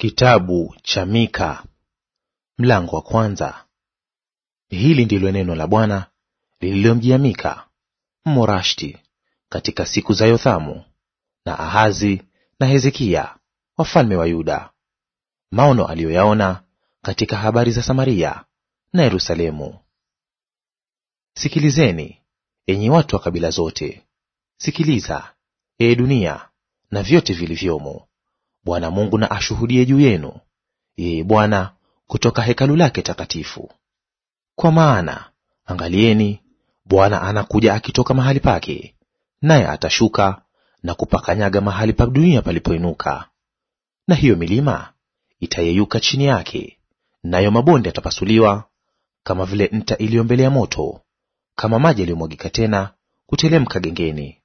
Kitabu cha Mika mlango wa kwanza. Hili ndilo neno la Bwana lililomjia Mika Morashti katika siku za Yothamu na Ahazi na Hezekia wafalme wa Yuda, maono aliyoyaona katika habari za Samaria na Yerusalemu. Sikilizeni enyi watu wa kabila zote, sikiliza ee dunia na vyote vilivyomo, Bwana Mungu na ashuhudie juu yenu, yeye Bwana kutoka hekalu lake takatifu. Kwa maana angalieni, Bwana anakuja akitoka mahali pake, naye atashuka na kupakanyaga mahali pa dunia palipoinuka. Na hiyo milima itayeyuka chini yake, nayo mabonde yatapasuliwa kama vile nta iliyo mbele ya moto, kama maji yaliyomwagika tena kutelemka gengeni.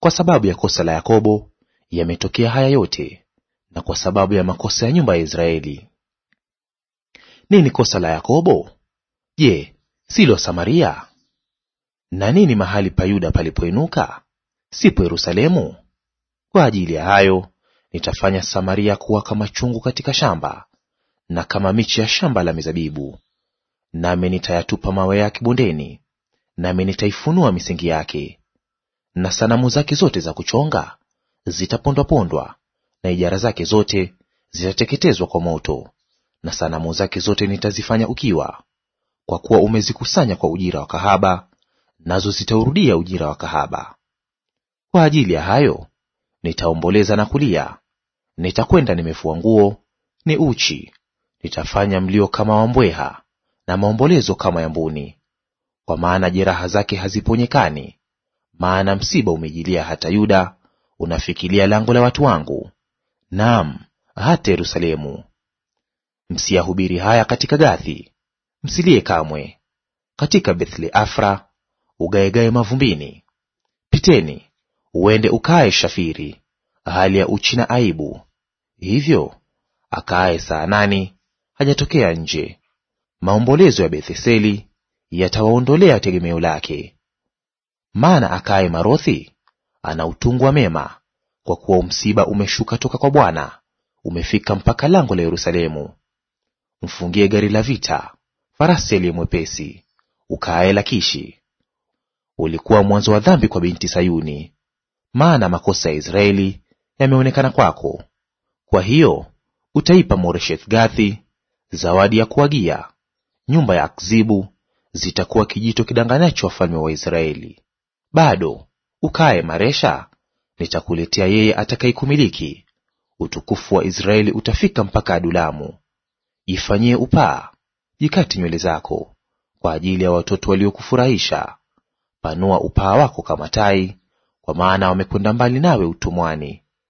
Kwa sababu ya kosa la Yakobo yametokea haya yote, na kwa sababu ya makosa ya nyumba ya Israeli. Nini kosa la Yakobo? Je, silo Samaria? Na nini mahali pa Yuda palipoinuka? Sipo Yerusalemu? Kwa ajili ya hayo nitafanya Samaria kuwa kama chungu katika shamba, na kama michi ya shamba la mizabibu. Nami nitayatupa mawe yake bondeni, nami nitaifunua misingi yake, na sanamu zake zote za kuchonga zitapondwapondwa, na ijara zake zote zitateketezwa kwa moto, na sanamu zake zote nitazifanya ukiwa, kwa kuwa umezikusanya kwa ujira wa kahaba, nazo zitaurudia ujira wa kahaba. Kwa ajili ya hayo nitaomboleza na kulia, nitakwenda nimefua nguo, ni uchi; nitafanya mlio kama wa mbweha na maombolezo kama ya mbuni, kwa maana jeraha zake haziponyekani, maana msiba umejilia hata Yuda unafikilia lango la watu wangu, naam, hata Yerusalemu. Msiyahubiri haya katika Gathi, msilie kamwe; katika Bethle Afra ugaegae mavumbini. Piteni uende ukae Shafiri, hali ya uchi na aibu; hivyo akaaye nani hajatokea nje. Maombolezo ya Betheseli yatawaondolea tegemeo lake. Maana akaaye Marothi ana utungwa mema, kwa kuwa msiba umeshuka toka kwa Bwana, umefika mpaka lango la Yerusalemu. Mfungie gari la vita, farasi aliye mwepesi, ukaaye Lakishi. Ulikuwa mwanzo wa dhambi kwa binti Sayuni, maana makosa ya Israeli yameonekana kwako. Kwa hiyo utaipa Moresheth Gathi zawadi ya kuagia, nyumba ya Akzibu zitakuwa kijito kidanganyacho wafalme wa Israeli. Bado ukae Maresha, nitakuletea yeye atakayekumiliki. Utukufu wa Israeli utafika mpaka Adulamu. Jifanyie upaa, jikati nywele zako kwa ajili ya watoto waliokufurahisha. Panua upaa wako kama tai, kwa maana wamekwenda mbali nawe utumwani.